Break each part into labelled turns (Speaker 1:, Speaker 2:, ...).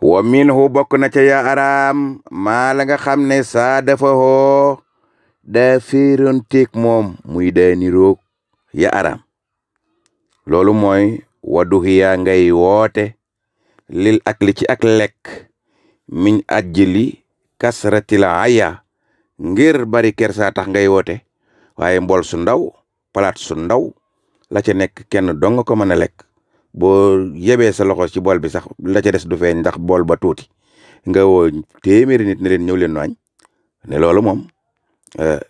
Speaker 1: wa minhu bokk na ca ya araam maa la nga xam ne saa dafa hoo daa féeroon teeg moom muy daani roog ya araam loolu mooy waduhiya ngay woote lil ak li ci ak lekk miñ ajjili kasratil aya ngir bari kersa tax ngay woote waaye mbool su ndaw palaat su ndaw la ca nekk kenn dong ko mën a lekk boo yebee sa loxo ci bool bi sax la ca des du feeñ ndax bool ba tuuti nga woo téeméeri nit ne leen ñëw leen waañ ne loolu moom euh,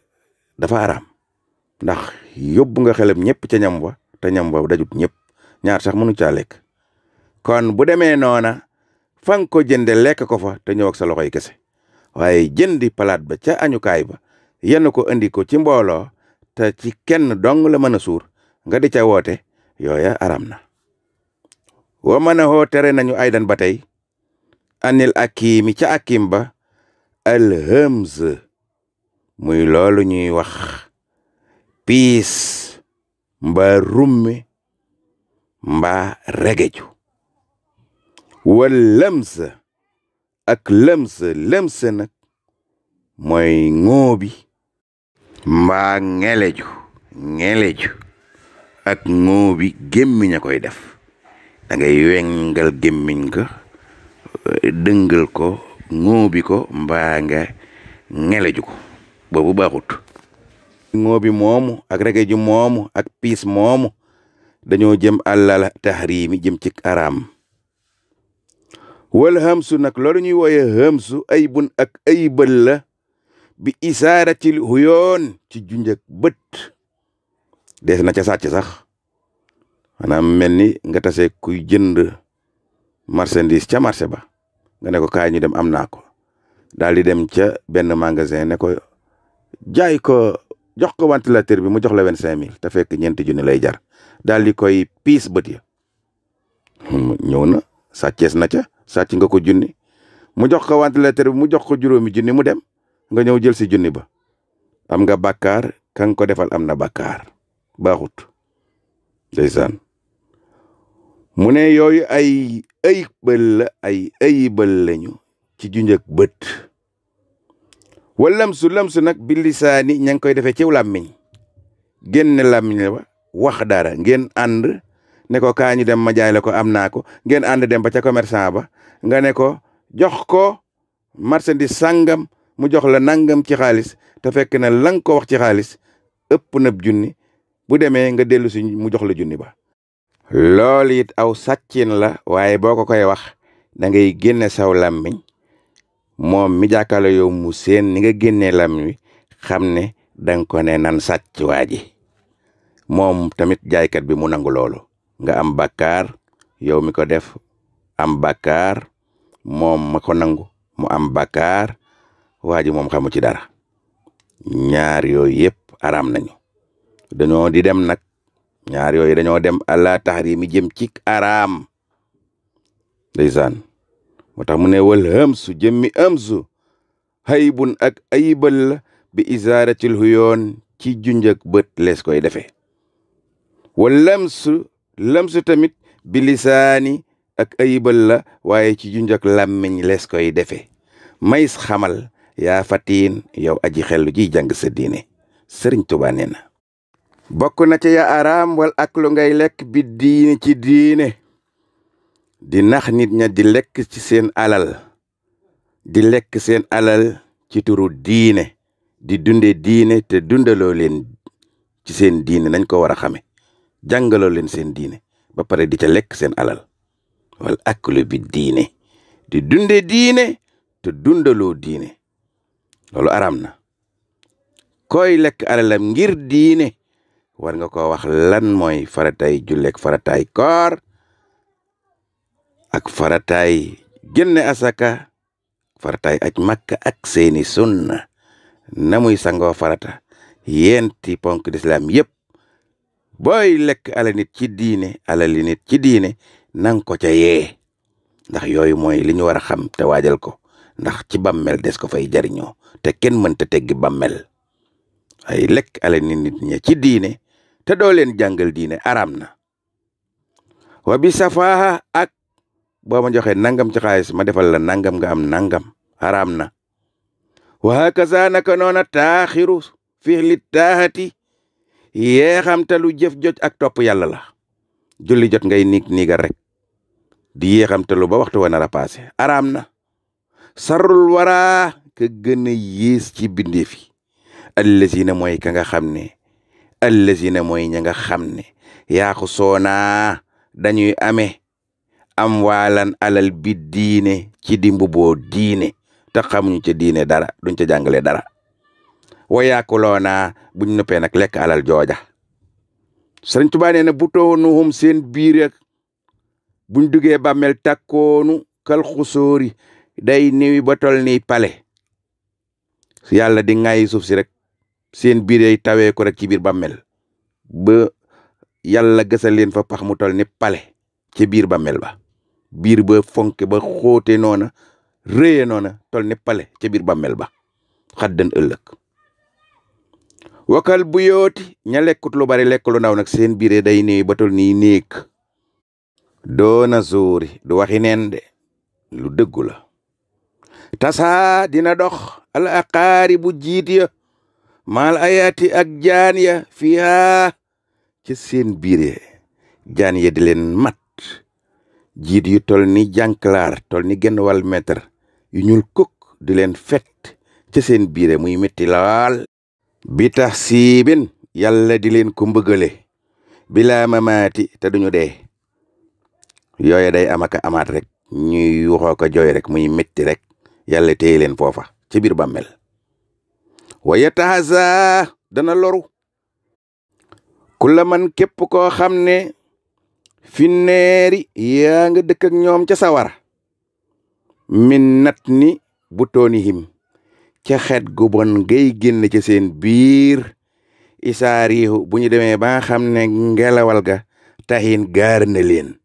Speaker 1: dafa araam ndax yóbbu nga xelam ñëpp ca ñam ba te ñam ba dajut ñëpp ñaar sax mënu caa lekk kon bu demee noona fa nga ko jënde lekk ko fa te ñëw sa loxo yi kese waaye jëndi palaat ba ca añukaay ba yenn ko indi ko ci mbooloo te ci kenn dong la mën a suur nga di ca woote yooya araam na wa mën a tere nañu aydan ba tey anil akiimi ca akim ba alhëms muy loolu ñuy wax piis mbaa rummi mbaa regeju wa lëms ak lëms lëms mooy ŋóobi mbaa ŋeleju ŋeleju ak ŋóobi gémmiñ a koy def da ngay wengal gémmiñ ko eh, dëngal ko ŋóobi ko mbaa ko boobu baaxut ŋóobi moomu ak regeju moomu ak piis moomu dañoo jëm àllala taxriimi jëm ci araam wal hamsu nag loolu ñuy wooye hamsu aybun ak aybal la bi isaaratil huyoon ci junjëk bët dees na ca sàcc sax maanaam mel ni nga tase kuy jënd marchandise ca marché ba nga ne ko kaay ñu dem am naa ko daal di dem ca benn magasin ne ko jaay ko jox ko ventilateur bi mu jox la vingt cinq mille te fekk ñeenti junni lay jar daal di koy piis bët ya hmm, ñëw na sàccees na ca sàcc nga ko junni mu jox ko ventilateur bi mu jox ko juróomi junni mu dem nga ñëw jël si junni ba am nga bàkkaar kan ko defal am na bàkkaar baaxut ndeysaan mu ne yooyu ay ayibal la ay ayibal lañu ci junjëk bët wa lamsu lamsu nag bi lisaani ña ngi koy defee ci làmmiñ génne làmmiñ la ba wax dara ngeen ànd ne ko kaa ñu dem ma ko am naa ko ngeen ànd dem ba ca commerçant ba nga ne ko jox ko marchandise sangam mu jox la nangam ci xaalis te fekk na la nga ko wax ci xaalis ëpp na junni bu demee nga dellu si mu jox la junni ba loolu it aw sàccin la waaye boo ko koy wax da ngay génne saw làmmiñ moom mi jàkkaarloo yow mu seen ni nga génnee làmmiñ xam ne danga ko ne nan sàcc waa ji moom tamit jaaykat bi mu nangu loolu nga am bàkkaar yow mi ko def am bàkkaar moom ma ko nangu mu am bàkkaar waa ji moom xamu ci dara ñaar yooyu yëpp araam nañu dañoo di dem nag ñaar yooyu dañoo dem ala taxrimi jëm ci araam ndeysaan moo tax mu ne wal hamsu jëmmi amsu haybun ak ayibal bi isaaratil huyoon ci junjëk bët lees koy defee wal lamsu lamsu tamit bi lisaani ak ayibal la waaye ci junjëk làmmiñ lees koy defee mays xamal yaa fatiin yow aji xellu ji jàng sa diine sëriñ Tuubaa na bokk na ca ya araam wal ak lu ngay lekk bi diine ci diine di nax nit ña di lekk ci seen alal di lekk seen alal ci turu diine di dunde diine te dundaloo ci seen diine nañ ko war a xame jàngaloo leen seen diine ba pare di ca lekk seen alal wal aklu bi diine di dunde diine te dundaloo diine loolu araam na koy lekk alalam ngir diine war nga ko wax lan mooy faratay julek faratay koor ak faratay génne asaka faratay aj makka ak seeni sunna na muy sangoo farata yenti ponk d'islam yëpp booy lekk ala nit ci diine ala ci diine nang ko ca ndax yooyu mooy li ñu war a xam te waajal ko ndax ci bàmmel des ko fay jariñoo te kenn mënta tegg bàmmel ay lekk ala nit ñi ci diine te doo leen jàngal diine araam na wa bi safaaha ak boo ma joxee nangam ci xaalis ma defal la nangam nga am nangam araam na wa hakaza naka taaxiru fi li taaxati yéexamtalu jëf jot ak topp yàlla la julli jot ngay niig niigal rek di talu ba waxtu wa nar a passé araam na sarrul waraa ka gën a yées ci bindeefi allazina mooy ka nga xam ne allazina mooy ña nga xam ne yaaku soona dañuy ame am waalan alal bi diine ci dimbu boo diine te xamuñu ca diine dara duñ ca jàngale dara wa yaakuloona buñ noppee nag lekk alal jooja sëriñ Tuubaa nee na bu toonuhum seen biir buñ duggee bàmmeel takkoonu kal xusóori day niwi ba tol ni pale yàlla di ŋayi suuf si rek seen biir yay tawee ko rek ci biir bàmmeel ba yàlla gësal leen fa pax mu tol ni pale ci biir bàmmeel ba biir ba fonke ba xóote noona réye noona tol ni pale ca biir bàmmeel ba xaddan ëllëg wakal bu yooti ña lekkut lu bari lekk lu ndaw nag seen biire day néew ba tol nii néeg doona zuuri du waxi de lu dëggu la tasaa dina dox al aqaari bu jiit ya maal ayaati ak jaan ya fiihaa ca seen ye jaan ya di leen mat jiit yu tol ni jànklaar tol ni genn wàll mètre yu ñuul kukk di leen fet ca seen biire muy metti laal bi tax siibin yàlla di leen ko mbëggale bilaa mamaati te duñu dee yooye day amaka amaat rek ñuy waxoo ko jooy rek muy metti rek yàlla téye leen foofa ci biir bàmmel wa yatahaza dana loru kula man képp koo xam ne fi neeri yaa nga dëkk ak ñoom ca sawara min nat ni bu tooni him ca xet gu bon ngay génn ca seen biir isaarihu bu ñu demee ba nga xam ne ngelawal ga taxin gaar na leen